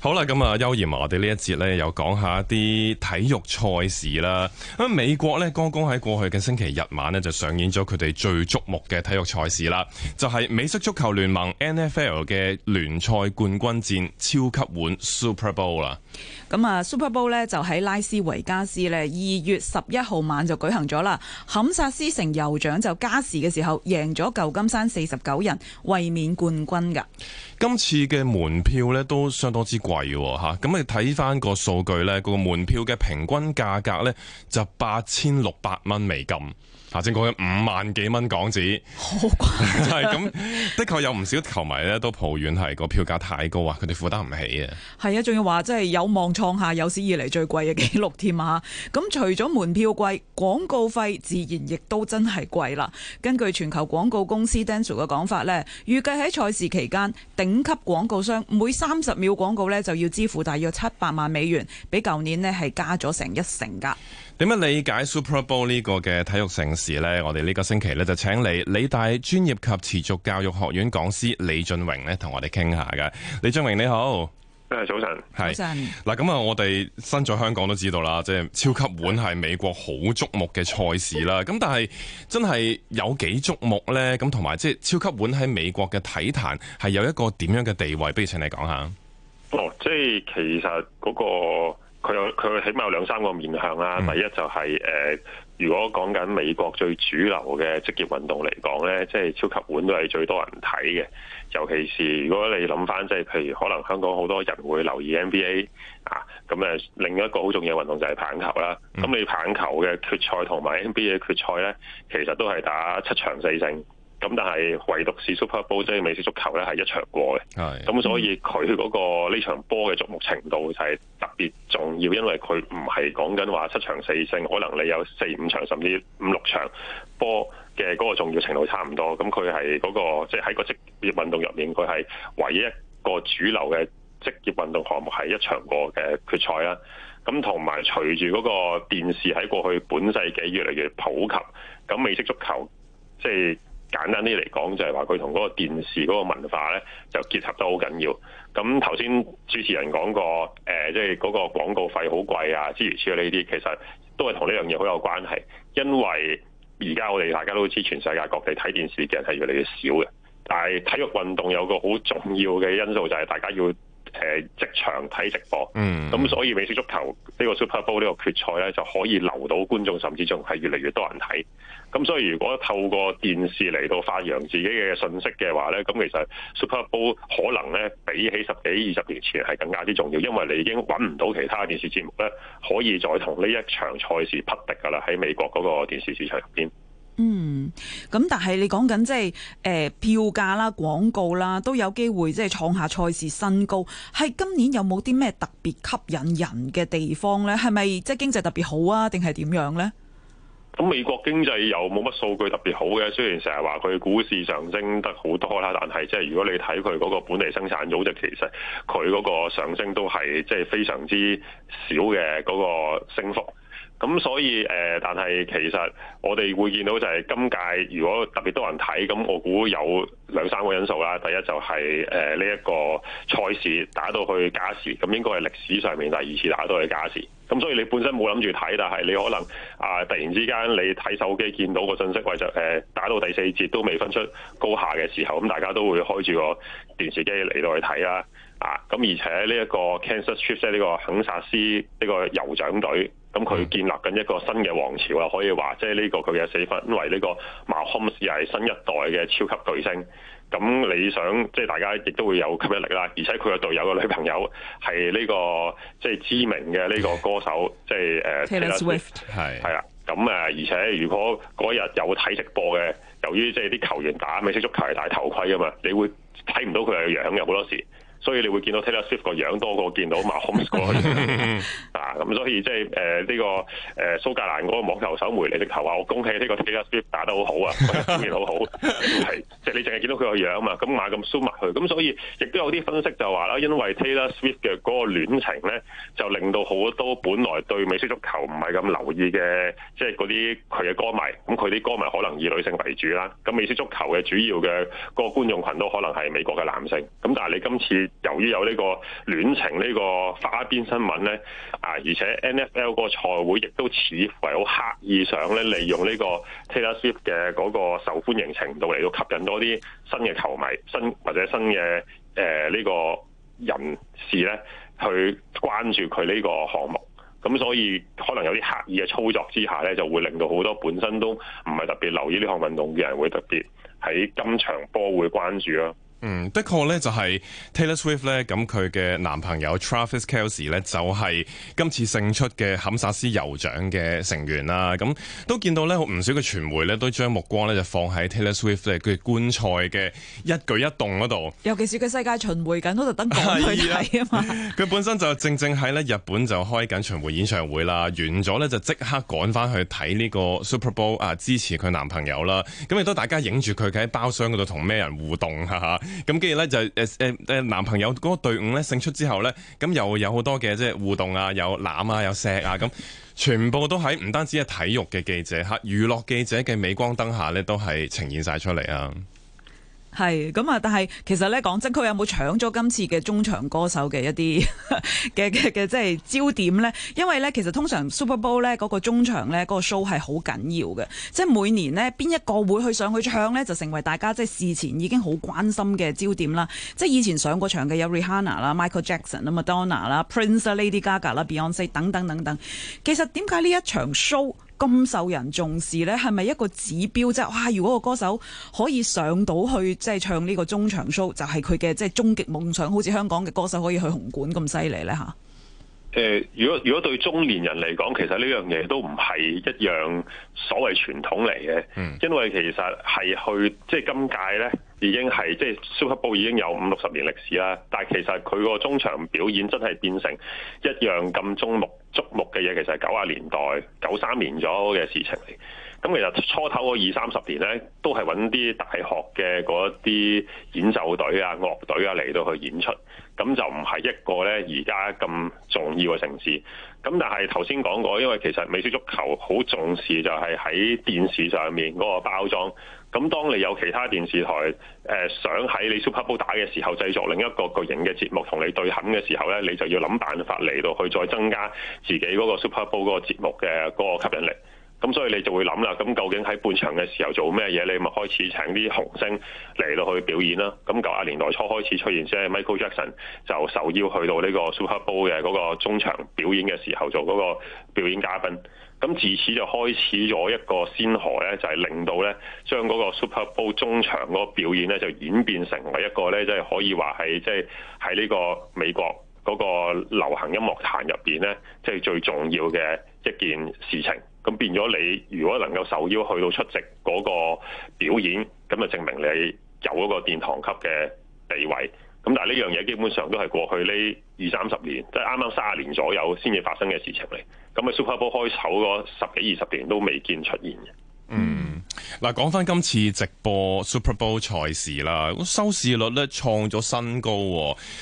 好啦，咁啊，邱賢，我哋呢一節咧，又講下一啲體育賽事啦。咁美國呢，剛剛喺過去嘅星期日晚呢，就上演咗佢哋最矚目嘅體育賽事啦，就係美式足球聯盟 NFL 嘅聯賽冠軍戰超級碗 Super Bowl 啦。咁啊，Super Bowl 呢，就喺拉斯維加斯呢，二月十一號晚就舉行咗啦。坎薩斯城酋長就加時嘅時候贏咗舊金山四十九人，衛冕冠軍噶。今次嘅門票咧都相當之貴吓，咁你睇翻個數據咧，個門票嘅平均價格咧就八千六百蚊美金，吓，即係講緊五萬幾蚊港紙，好貴。係咁，的確有唔少球迷咧都抱怨係個票價太高啊，佢哋負擔唔起啊。係啊，仲要話即係有望創下有史以嚟最貴嘅記錄添啊！咁 除咗門票貴，廣告費自然亦都真係貴啦。根據全球廣告公司 Dentsu 嘅講法咧，預計喺賽事期間定五級廣告商每三十秒廣告咧就要支付大約七百萬美元，比舊年咧係加咗成一成噶。點樣理解 Super Bowl 呢個嘅體育盛事呢？我哋呢個星期咧就請嚟理大專業及持續教育學院講師李峻嶸咧同我哋傾下㗎。李峻嶸你好。誒，早晨，係，嗱，咁啊，我哋身在香港都知道啦，即係超級碗係美國好矚目嘅賽事啦。咁但係真係有幾矚目呢？咁同埋即係超級碗喺美國嘅體壇係有一個點樣嘅地位？不如請你講下。哦，即係其實嗰個。佢有佢起碼有兩三個面向啦。第一就係、是、誒、呃，如果講緊美國最主流嘅職業運動嚟講咧，即係超級碗都係最多人睇嘅。尤其是如果你諗返，即係譬如可能香港好多人會留意 NBA 啊，咁、嗯、誒另一個好重要運動就係棒球啦。咁你棒球嘅決賽同埋 NBA 嘅決賽咧，其實都係打七場四勝。咁但係唯獨是 Super Bowl 即係美式足球咧，係一場過嘅。咁所以佢嗰個呢場波嘅矚目程度就係特別重要，因為佢唔係講緊話七場四勝，可能你有四五場甚至五六場波嘅嗰個重要程度差唔多。咁佢係嗰個即係喺個職業運動入面，佢係唯一一個主流嘅職業運動項目係一場過嘅決賽啦。咁同埋隨住嗰個電視喺過去本世紀越嚟越普及，咁美式足球即係。就是簡單啲嚟講，就係話佢同嗰個電視嗰個文化咧，就結合得好緊要。咁頭先主持人講過，誒，即係嗰個廣告費好貴啊諸如此類呢啲，其實都係同呢樣嘢好有關係。因為而家我哋大家都知，全世界各地睇電視嘅人係越嚟越少嘅，但係體育運動有個好重要嘅因素就係大家要，誒，即場睇直播，咁、嗯、所以美式足球呢、這個 Super Bowl 呢個決賽咧，就可以留到觀眾，甚至仲係越嚟越多人睇。咁所以如果透過電視嚟到發揚自己嘅信息嘅話咧，咁其實 Super Bowl 可能咧比起十幾、二十年前係更加之重要，因為你已經搵唔到其他電視節目咧可以再同呢一場賽事匹敵㗎喇，喺美國嗰個電視市場入邊。嗯，咁但係你講緊即係誒票價啦、廣告啦，都有機會即係創下賽事新高。係今年有冇啲咩特別吸引人嘅地方呢？係咪即係經濟特別好啊？定係點樣呢？咁美國經濟又冇乜數據特別好嘅，雖然成日話佢股市上升得好多啦，但係即係如果你睇佢嗰個本地生產總值就其實佢嗰個上升都係即係非常之少嘅嗰個升幅。咁所以誒、呃，但係其實我哋會見到就係今屆如果特別多人睇，咁我估有兩三個因素啦。第一就係誒呢一個賽事打到去加時，咁應該係歷史上面第二次打到去加時，咁所以你本身冇諗住睇，但係你可能啊、呃，突然之間你睇手機見到個信息位就，或者誒打到第四節都未分出高下嘅時候，咁大家都會開住個電視機嚟到去睇啦。啊，咁而且呢一個 Kansas Chiefs 呢個肯薩斯呢個酋長隊。咁、嗯、佢建立緊一個新嘅王朝啊！可以話，即係呢個佢嘅死法，因為呢個馬 a h o m e s 係新一代嘅超級巨星。咁你想，即、就、係、是、大家亦都會有吸引力啦。而且佢嘅隊友嘅女朋友係呢、這個即係、就是、知名嘅呢個歌手，即 係、就是 uh, Taylor Swift。係啊。咁誒，而且如果嗰日有睇直播嘅，由於即係啲球員打美式足球係戴頭盔啊嘛，你會睇唔到佢係樣嘅好多事。所以你會見到 Taylor Swift 個樣多過見到 Mahomes、 啊就是呃這個，啊咁所以即係誒呢個誒蘇格蘭嗰個網球手梅利就話我恭喜呢個 Taylor Swift 打得好好啊，表 現好好、啊。係即係你淨係見到佢個樣嘛，咁買咁 zoom 埋去。咁所以亦都有啲分析就話啦，因為 Taylor Swift 嘅嗰個戀情咧，就令到好多本來對美式足球唔係咁留意嘅，即係嗰啲佢嘅歌迷，咁佢啲歌迷可能以女性為主啦。咁美式足球嘅主要嘅嗰個觀眾群都可能係美國嘅男性。咁但係你今次，由於有呢個戀情呢個花邊新聞咧，啊，而且 NFL 個賽會亦都似乎係好刻意上咧，利用呢個 Taylor Swift 嘅嗰個受歡迎程度嚟到吸引多啲新嘅球迷、新或者新嘅誒呢個人士咧，去關注佢呢個項目。咁所以可能有啲刻意嘅操作之下咧，就會令到好多本身都唔係特別留意呢項運動嘅人，會特別喺今場波會關注咯。嗯，的確呢，就係、是、Taylor Swift 咧，咁佢嘅男朋友 Travis Kelce 咧就係、是、今次勝出嘅坎薩斯酋長嘅成員啦。咁、嗯、都見到呢，好唔少嘅傳媒呢都將目光呢就放喺 Taylor Swift 咧佢觀賽嘅一舉一動嗰度。尤其是佢世界巡迴緊，嗰度等佢去睇啊嘛。佢 本身就正正喺呢日本就開緊巡迴演唱會啦，完咗呢，就即刻趕翻去睇呢個 Super Bowl 啊，支持佢男朋友啦。咁、嗯、亦都大家影住佢喺包廂嗰度同咩人互動哈哈。咁跟住咧就誒、呃、男朋友嗰個隊伍咧勝出之後咧，咁又有好多嘅即係互動啊，有攬啊，有錫啊，咁全部都喺唔單止係體育嘅記者嚇，娛樂記者嘅鎂光燈下咧，都係呈現晒出嚟啊！係咁啊！但係其實咧，講真，佢有冇搶咗今次嘅中場歌手嘅一啲嘅嘅嘅即係焦點呢？因為呢，其實通常 Super Bowl 呢嗰、嗰個中場呢，嗰、嗰個 show 係好緊要嘅，即係每年呢，邊一個會去上去唱呢，就成為大家即係事前已經好關心嘅焦點啦。即係以前上過場嘅有 Rihanna 啦、Michael Jackson 啦、Madonna 啦、Prince 啦、Lady Gaga 啦、Beyonce 等等等等。其實點解呢一場 show？咁受人重視呢係咪一個指標？即係，哇！如果個歌手可以上到去即係唱呢個中場 show，就係佢嘅即係終極夢想，好似香港嘅歌手可以去紅館咁犀利呢吓。誒、呃，如果如果對中年人嚟講，其實呢樣嘢都唔係一樣所謂傳統嚟嘅，嗯，因為其實係去即係今屆咧，已經係即係 Super Bowl 已經有五六十年歷史啦。但其實佢個中場表演真係變成一樣咁中目矚目嘅嘢，其實係九十年代九三年咗嘅事情嚟。咁其實初頭嗰二三十年咧，都係搵啲大學嘅嗰啲演奏隊啊、樂隊啊嚟到去演出。咁就唔係一個咧，而家咁重要嘅城市。咁但係頭先講過，因為其實美式足球好重視就係喺電視上面嗰個包裝。咁當你有其他電視台、呃、想喺你 Super Bowl 打嘅時候，製作另一個巨型嘅節目同你對撼嘅時候咧，你就要諗辦法嚟到去再增加自己嗰個 Super Bowl 嗰個節目嘅嗰個吸引力。咁所以你就會諗啦。咁究竟喺半場嘅時候做咩嘢？你咪開始請啲紅星嚟到去表演啦。咁九十年代初開始出現，即係 Michael Jackson 就受邀去到呢個 Super Bowl 嘅嗰個中場表演嘅時候做嗰個表演嘉賓，咁自此就開始咗一個先河咧，就係令到咧將嗰個 Super Bowl 中場嗰個表演咧就演變成為一個咧即係可以話係即係喺呢個美國嗰個流行音樂壇入邊咧，即係最重要嘅一件事情。咁變咗你，如果能夠受邀去到出席嗰個表演，咁就證明你有嗰個殿堂級嘅地位。咁但係呢樣嘢基本上都係過去呢二三十年，即係啱啱三十年左右先至發生嘅事情嚟。咁啊，Super Bowl 開首嗰十幾二十年都未見出現嘅。嗯。嗱，講翻今次直播 Super Bowl 賽事啦，咁收視率咧創咗新高。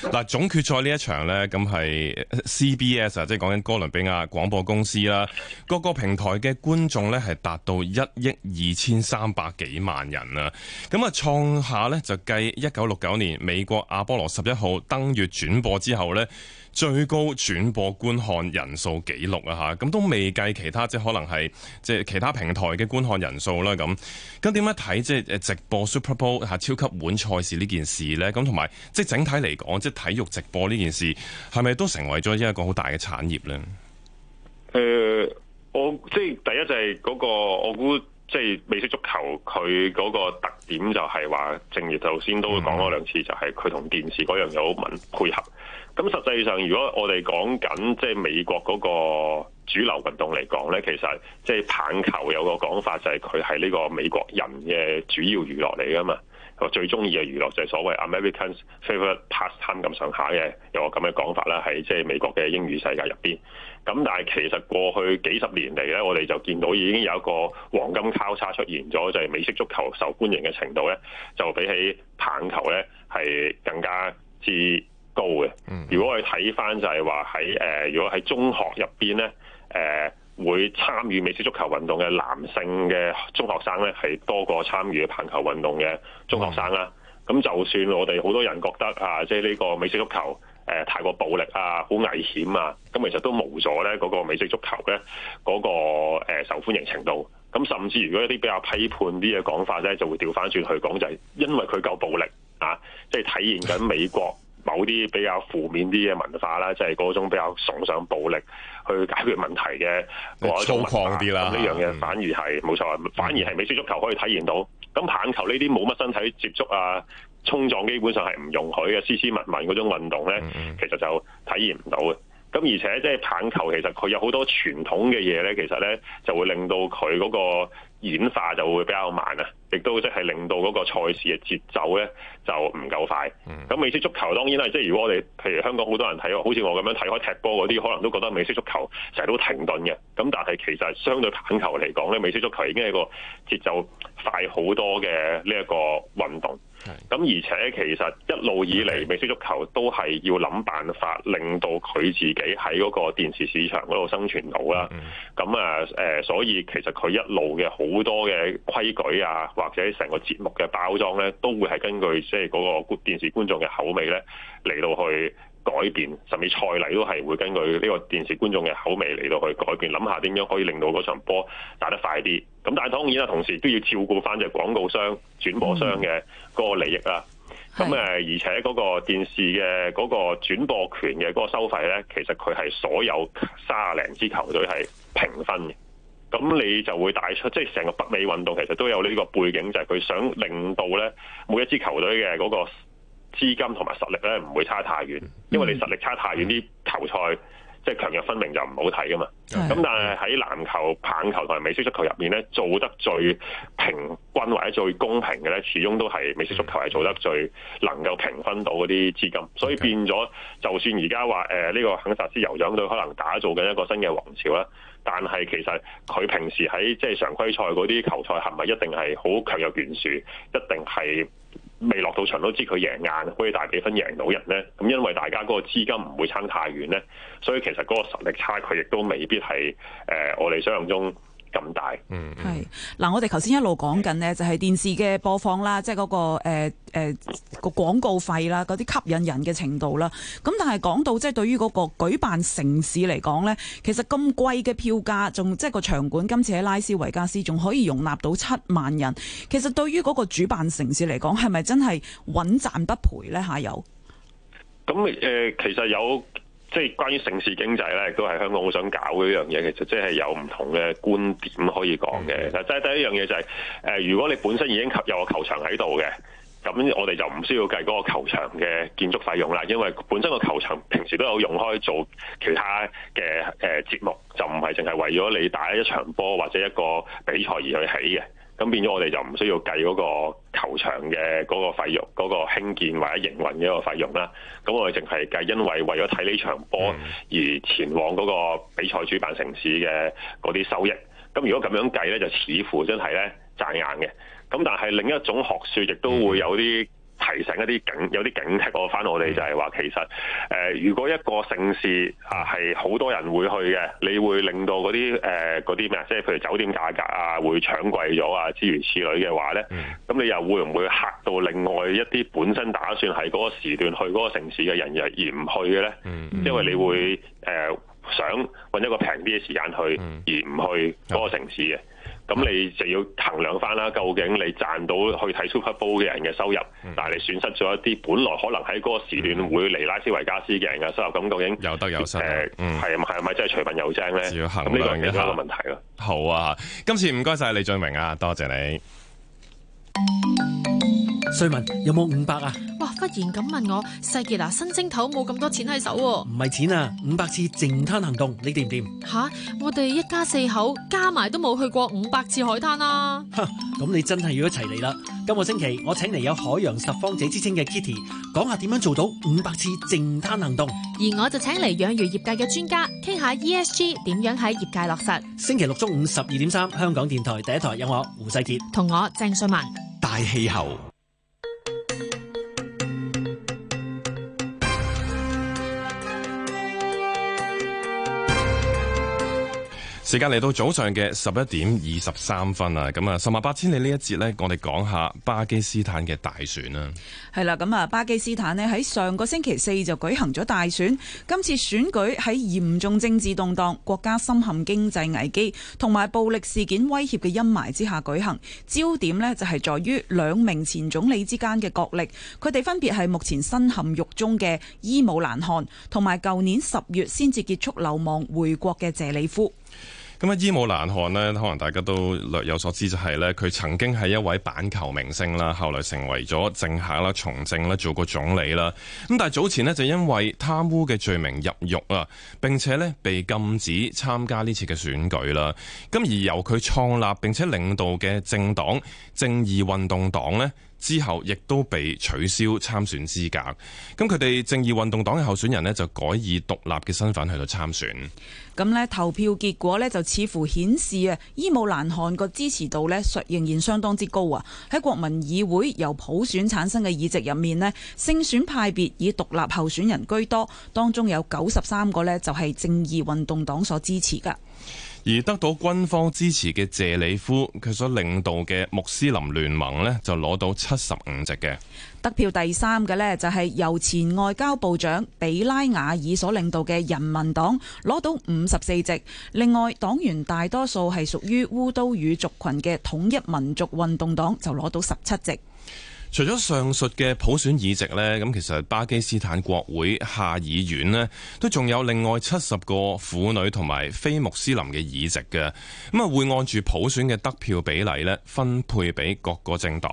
嗱，總決賽呢一場呢，咁係 CBS 啊，即係講緊哥倫比亞廣播公司啦。個個平台嘅觀眾呢，係達到一億二千三百幾萬人啊！咁啊，創下呢，就繼一九六九年美國阿波羅十一號登月轉播之後呢，最高轉播觀看人數紀錄啊！嚇，咁都未計其他，即係可能係即係其他平台嘅觀看人數啦。咁，咁點樣睇即係誒直播 Super Bowl 超級碗賽事呢件事呢？咁同埋即係整體嚟講，即係體育直播呢件事係咪都成為咗一個好大嘅產業呢？誒、呃，我即係第一就係嗰、那個，我估即係美式足球佢嗰個特點就係、是、話，正如頭先都講咗兩次，嗯、就係佢同電視嗰樣有吻配合。咁實際上，如果我哋講緊即係美國嗰個主流運動嚟講咧，其實即係棒球有個講法就係佢係呢個美國人嘅主要娛樂嚟㗎嘛，我最中意嘅娛樂就係所謂 Americans favourite pastime 咁上下嘅，有個咁嘅講法啦，喺即係美國嘅英語世界入邊。咁但係其實過去幾十年嚟咧，我哋就見到已經有一個黃金交叉出現咗，就係美式足球受歡迎嘅程度咧，就比起棒球咧係更加之高、嗯、嘅，如果我哋睇翻就係話喺誒，如果喺中學入邊咧，誒、呃、會參與美式足球運動嘅男性嘅中學生咧，係多過參與棒球運動嘅中學生啦、啊。咁、嗯、就算我哋好多人覺得啊，即係呢個美式足球誒、呃、太過暴力啊，好危險啊，咁其實都冇咗咧嗰個美式足球咧嗰、那個誒、呃、受歡迎程度。咁甚至如果一啲比較批判啲嘅講法咧，就會掉翻轉去講，就係因為佢夠暴力啊，即係體現緊美國。某啲比較負面啲嘅文化啦，即係嗰種比較崇尚暴力去解決問題嘅嗰一種文化，粗獷啲啦。呢樣嘢反而係冇、嗯、錯，反而係美式足球可以體驗到。咁、嗯、棒球呢啲冇乜身體接觸啊，衝撞基本上係唔容許嘅，斯斯文文嗰種運動咧、嗯，其實就體驗唔到嘅。咁而且即係棒球，其實佢有好多傳統嘅嘢咧，其實咧就會令到佢嗰個演化就會比較慢啊，亦都即係令到嗰個賽事嘅節奏咧就唔夠快。咁、嗯、美式足球當然啦，即係如果我哋譬如香港好多人睇，好似我咁樣睇開踢波嗰啲，可能都覺得美式足球成日都停頓嘅。咁但係其實相對棒球嚟講咧，美式足球已經係個節奏快好多嘅呢一個運動。咁而且其實一路以嚟，美式足球都係要諗辦法，令到佢自己喺嗰個電視市場嗰度生存到啦。咁啊，誒，所以其實佢一路嘅好多嘅規矩啊，或者成個節目嘅包裝呢，都會係根據即係嗰個電視觀眾嘅口味呢，嚟到去改變，甚至賽例都係會根據呢個電視觀眾嘅口味嚟到去改變，諗下點樣可以令到嗰場波打得快啲。咁但係當然啦，同時都要照顧返隻廣告商、轉播商嘅嗰個利益啦。咁、嗯、誒，而且嗰個電視嘅嗰個轉播權嘅嗰個收費呢，其實佢係所有三十零支球隊係平分嘅。咁你就會帶出，即係成個北美運動其實都有呢個背景，就係、是、佢想令到呢每一支球隊嘅嗰、那個資金同埋實力咧唔會差太遠，因為你實力差太遠啲球賽即係、就是、強弱分明就唔好睇㗎嘛。咁但係喺籃球、棒球同埋美式足球入面咧，做得最平均或者最公平嘅咧，始終都係美式足球係做得最能夠平分到嗰啲資金。所以變咗，就算而家話誒呢個肯薩斯酋長隊可能打造緊一個新嘅王朝啦，但係其實佢平時喺即係常規賽嗰啲球賽係咪一定係好強弱懸殊，一定係？未落到場都知佢贏硬，可以大比分贏到人呢。咁因為大家嗰個資金唔會差太遠呢，所以其實嗰個實力差距亦都未必係誒、呃、我哋想像中。咁、嗯、大，嗯，係嗱，我哋頭先一路講緊呢，就係電視嘅播放啦，即係嗰個誒誒個廣告費啦，嗰啲吸引人嘅程度啦。咁但係講到即係對於嗰個舉辦城市嚟講呢，其實咁貴嘅票價，仲即係個場館，今次喺拉斯維加斯仲可以容納到七萬人。其實對於嗰個主辦城市嚟講，係咪真係穩賺不賠呢？下有？咁、嗯、誒、呃，其實有。即係關於城市經濟咧，都係香港好想搞嘅一樣嘢。其實即係有唔同嘅觀點可以講嘅。嗱，即係第一樣嘢就係誒，如果你本身已經有個球場喺度嘅，咁我哋就唔需要計嗰個球場嘅建築費用啦。因為本身個球場平時都有用開做其他嘅誒節目，就唔係淨係為咗你打一場波或者一個比賽而去起嘅。咁變咗我哋就唔需要計嗰個球場嘅嗰個費用、嗰個興建或者營運嘅一個費用啦。咁我哋淨係計因為為咗睇呢場波而前往嗰個比賽主辦城市嘅嗰啲收益。咁如果咁樣計呢，就似乎真係呢賺硬嘅。咁但係另一種學説亦都會有啲。提醒一啲警，有啲警惕我返我哋就係話，其實誒、呃，如果一個城市啊係好多人會去嘅，你會令到嗰啲誒嗰啲咩，即、呃、係譬如酒店價格啊會搶貴咗啊諸如此類嘅話咧，咁、嗯、你又會唔會嚇到另外一啲本身打算係嗰個時段去嗰個城市嘅人而而唔去嘅咧、嗯嗯？因為你會誒、呃、想揾一個平啲嘅時間去，而唔去嗰個城市嘅。咁你就要衡量翻啦，究竟你賺到去睇 Super Bowl 嘅人嘅收入，嗯、但係你損失咗一啲本來可能喺嗰個時段會嚟拉斯維加斯嘅人嘅收入，咁究竟有得有失？係、呃、啊，係、嗯、咪真係隨份有精咧？呢個要都係一個問題咯。好啊，今次唔該晒李峻嶸啊，多謝你。瑞文有冇五百啊？哇！忽然咁問我，世杰嗱、啊、新正頭冇咁多錢喺手、啊，唔係錢啊，五百次淨灘行動你掂唔掂？吓，我哋一家四口加埋都冇去過五百次海灘啊。咁你真係要一齊嚟啦！今個星期我請嚟有海洋拾荒者之稱嘅 Kitty，講下點樣做到五百次淨灘行動。而我就請嚟養魚業界嘅專家，傾下 ESG 點樣喺業界落實。星期六中午十二點三，3, 香港電台第一台有我胡世杰同我鄭瑞文，大氣候。時間嚟到早上嘅十一點二十三分啦。咁啊，十萬八千里呢一節呢，我哋講下巴基斯坦嘅大選啊。係啦，咁啊，巴基斯坦呢喺上個星期四就舉行咗大選。今次選舉喺嚴重政治動盪、國家深陷經濟危機同埋暴力事件威脅嘅陰霾之下舉行。焦點呢，就係在於兩名前總理之間嘅角力。佢哋分別係目前身陷獄中嘅伊姆蘭汗，同埋舊年十月先至結束流亡回國嘅謝里夫。咁啊，伊姆蘭汗呢，可能大家都略有所知，就係呢，佢曾經係一位板球明星啦，後來成為咗政客啦，從政啦，做過總理啦。咁但係早前呢，就因為貪污嘅罪名入獄啊，並且呢，被禁止參加呢次嘅選舉啦。咁而由佢創立並且領導嘅政黨正義運動黨呢。之後，亦都被取消參選資格。咁佢哋正義運動黨嘅候選人呢，就改以獨立嘅身份去到參選。咁呢投票結果呢，就似乎顯示啊，伊姆蘭汗個支持度呢，實仍然相當之高啊！喺國民議會由普選產生嘅議席入面呢，勝選派別以獨立候選人居多，當中有九十三個呢，就係正義運動黨所支持噶。而得到軍方支持嘅謝里夫，佢所領導嘅穆斯林聯盟呢，就攞到七十五席嘅。得票第三嘅呢，就係、是、由前外交部長比拉瓦爾所領導嘅人民黨攞到五十四席。另外，黨員大多數係屬於烏都語族群嘅統一民族運動黨就攞到十七席。除咗上述嘅普選議席呢，咁其實巴基斯坦國會下議院呢，都仲有另外七十個婦女同埋非穆斯林嘅議席嘅，咁啊會按住普選嘅得票比例呢，分配俾各個政黨，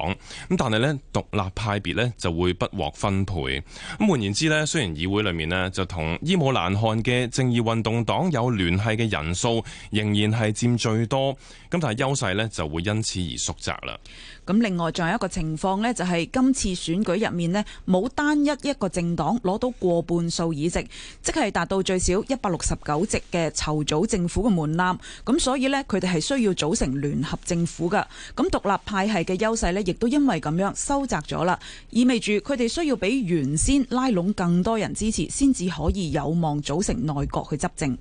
咁但係呢，獨立派別呢就會不獲分配。咁換言之呢，雖然議會裏面呢就同伊姆蘭汗嘅正義運動黨有聯繫嘅人數仍然係佔最多，咁但係優勢呢就會因此而縮窄啦。咁另外仲有一個情況呢，就係今次選舉入面呢，冇單一一個政黨攞到過半數議席，即係達到最少一百六十九席嘅籌組政府嘅門檻。咁所以呢，佢哋係需要組成聯合政府噶。咁獨立派系嘅優勢呢，亦都因為咁樣收窄咗啦，意味住佢哋需要比原先拉攏更多人支持，先至可以有望組成內閣去執政。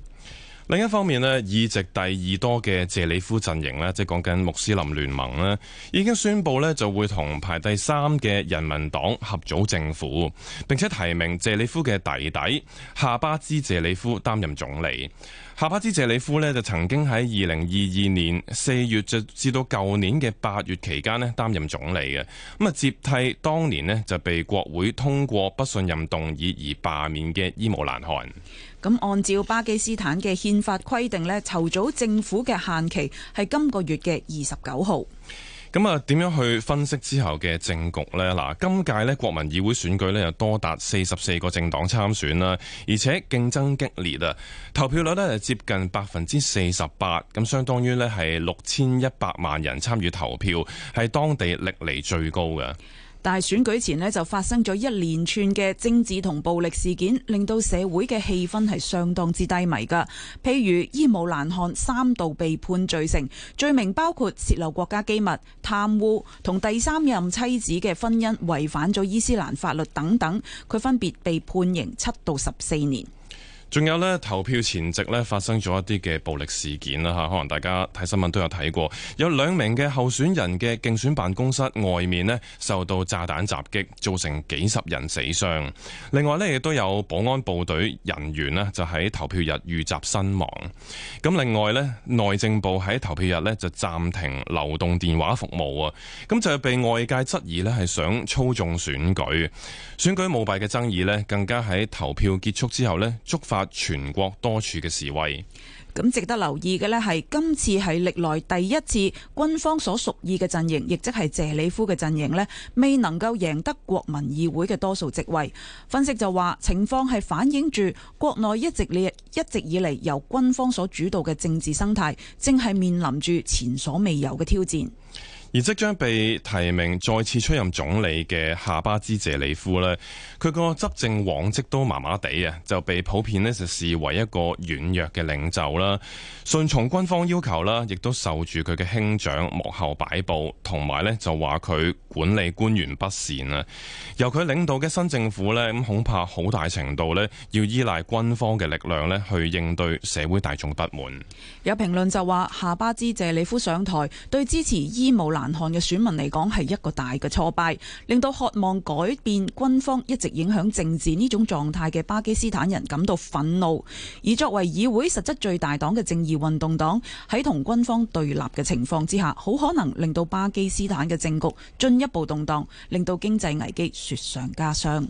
另一方面呢，議席第二多嘅謝里夫陣營呢，即係講緊穆斯林聯盟呢，已經宣布呢，就會同排第三嘅人民黨合組政府，並且提名謝里夫嘅弟弟夏巴茲謝里夫擔任總理。夏巴茲謝里夫呢，就曾經喺二零二二年四月至至到舊年嘅八月期間呢，擔任總理嘅，咁啊，接替當年呢，就被國會通過不信任動議而罷免嘅伊姆蘭汗。咁按照巴基斯坦嘅憲法規定咧，籌組政府嘅限期係今個月嘅二十九號。咁啊，點樣去分析之後嘅政局呢？嗱，今屆咧國民議會選舉咧又多達四十四個政黨參選啦，而且競爭激烈啊！投票率咧係接近百分之四十八，咁相當於咧係六千一百萬人參與投票，係當地歷嚟最高嘅。但係選舉前呢，就發生咗一連串嘅政治同暴力事件，令到社會嘅氣氛係相當之低迷噶。譬如伊姆蘭汗三度被判罪成，罪名包括泄露國家機密、貪污同第三任妻子嘅婚姻違反咗伊斯蘭法律等等，佢分別被判刑七到十四年。仲有咧，投票前夕咧，發生咗一啲嘅暴力事件啦吓，可能大家睇新聞都有睇過，有兩名嘅候選人嘅競選辦公室外面咧，受到炸彈襲擊，造成幾十人死傷。另外咧，亦都有保安部隊人員咧就喺投票日遇襲身亡。咁另外咧，內政部喺投票日咧就暫停流動電話服務啊，咁就係被外界質疑咧，係想操縱選舉、選舉舞弊嘅爭議咧，更加喺投票結束之後咧觸發全國多處嘅示威，咁值得留意嘅呢係今次係歷來第一次，軍方所屬意嘅陣營，亦即係謝里夫嘅陣營呢，未能夠贏得國民議會嘅多數席位。分析就話情況係反映住國內一直嚟，一直以嚟由軍方所主導嘅政治生態，正係面臨住前所未有嘅挑戰。而即將被提名再次出任總理嘅夏巴茲謝里夫呢，佢個執政往績都麻麻地啊，就被普遍呢就視為一個軟弱嘅領袖啦，順從軍方要求啦，亦都受住佢嘅兄長幕後擺佈，同埋呢就話佢。管理官員不善啊，由佢領導嘅新政府咧，咁恐怕好大程度咧要依賴軍方嘅力量咧去應對社會大眾不滿。有評論就話，夏巴茲謝里夫上台對支持伊姆蘭汗嘅選民嚟講，係一個大嘅挫敗，令到渴望改變軍方一直影響政治呢種狀態嘅巴基斯坦人感到憤怒。而作為議會實質最大黨嘅正義運動黨，喺同軍方對立嘅情況之下，好可能令到巴基斯坦嘅政局進一步動蕩，令到經濟危機雪上加霜。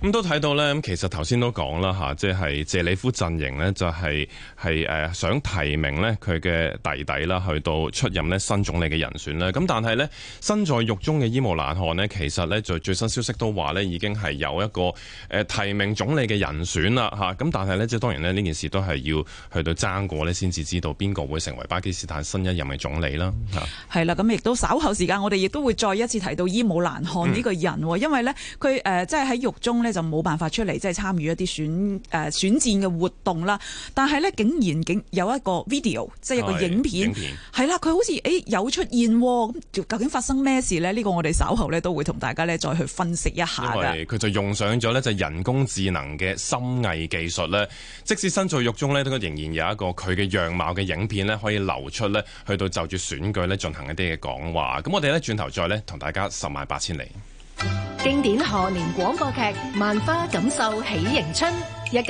咁都睇到咧，咁其實頭先都講啦吓，即係謝里夫陣營咧，就係係誒想提名咧佢嘅弟弟啦，去到出任咧新總理嘅人選啦，咁但係咧，身在獄中嘅伊姆蘭汗咧，其實咧就最新消息都話咧，已經係有一個誒提名總理嘅人選啦吓，咁但係咧，即係當然咧，呢件事都係要去到爭過咧，先至知道邊個會成為巴基斯坦新一任嘅總理啦嚇。係啦、嗯，咁亦都稍後時間我哋亦都會再一次提到伊姆蘭汗呢個人，嗯、因為咧佢誒即係喺獄中就冇辦法出嚟，即係參與一啲選誒選戰嘅活動啦。但係呢竟然竟有一個 video，即係一個影片，係啦，佢好似誒、欸、有出現咁，究竟發生咩事呢？呢、呢個我哋稍後呢都會同大家呢再去分析一下。佢就用上咗呢就人工智能嘅深偽技術咧，即使身在獄中呢都仍然有一個佢嘅樣貌嘅影片呢可以流出呢去到就住選舉呢進行一啲嘅講話。咁我哋呢轉頭再呢同大家十萬八千里。經典賀年廣播劇《萬花錦繡喜迎春》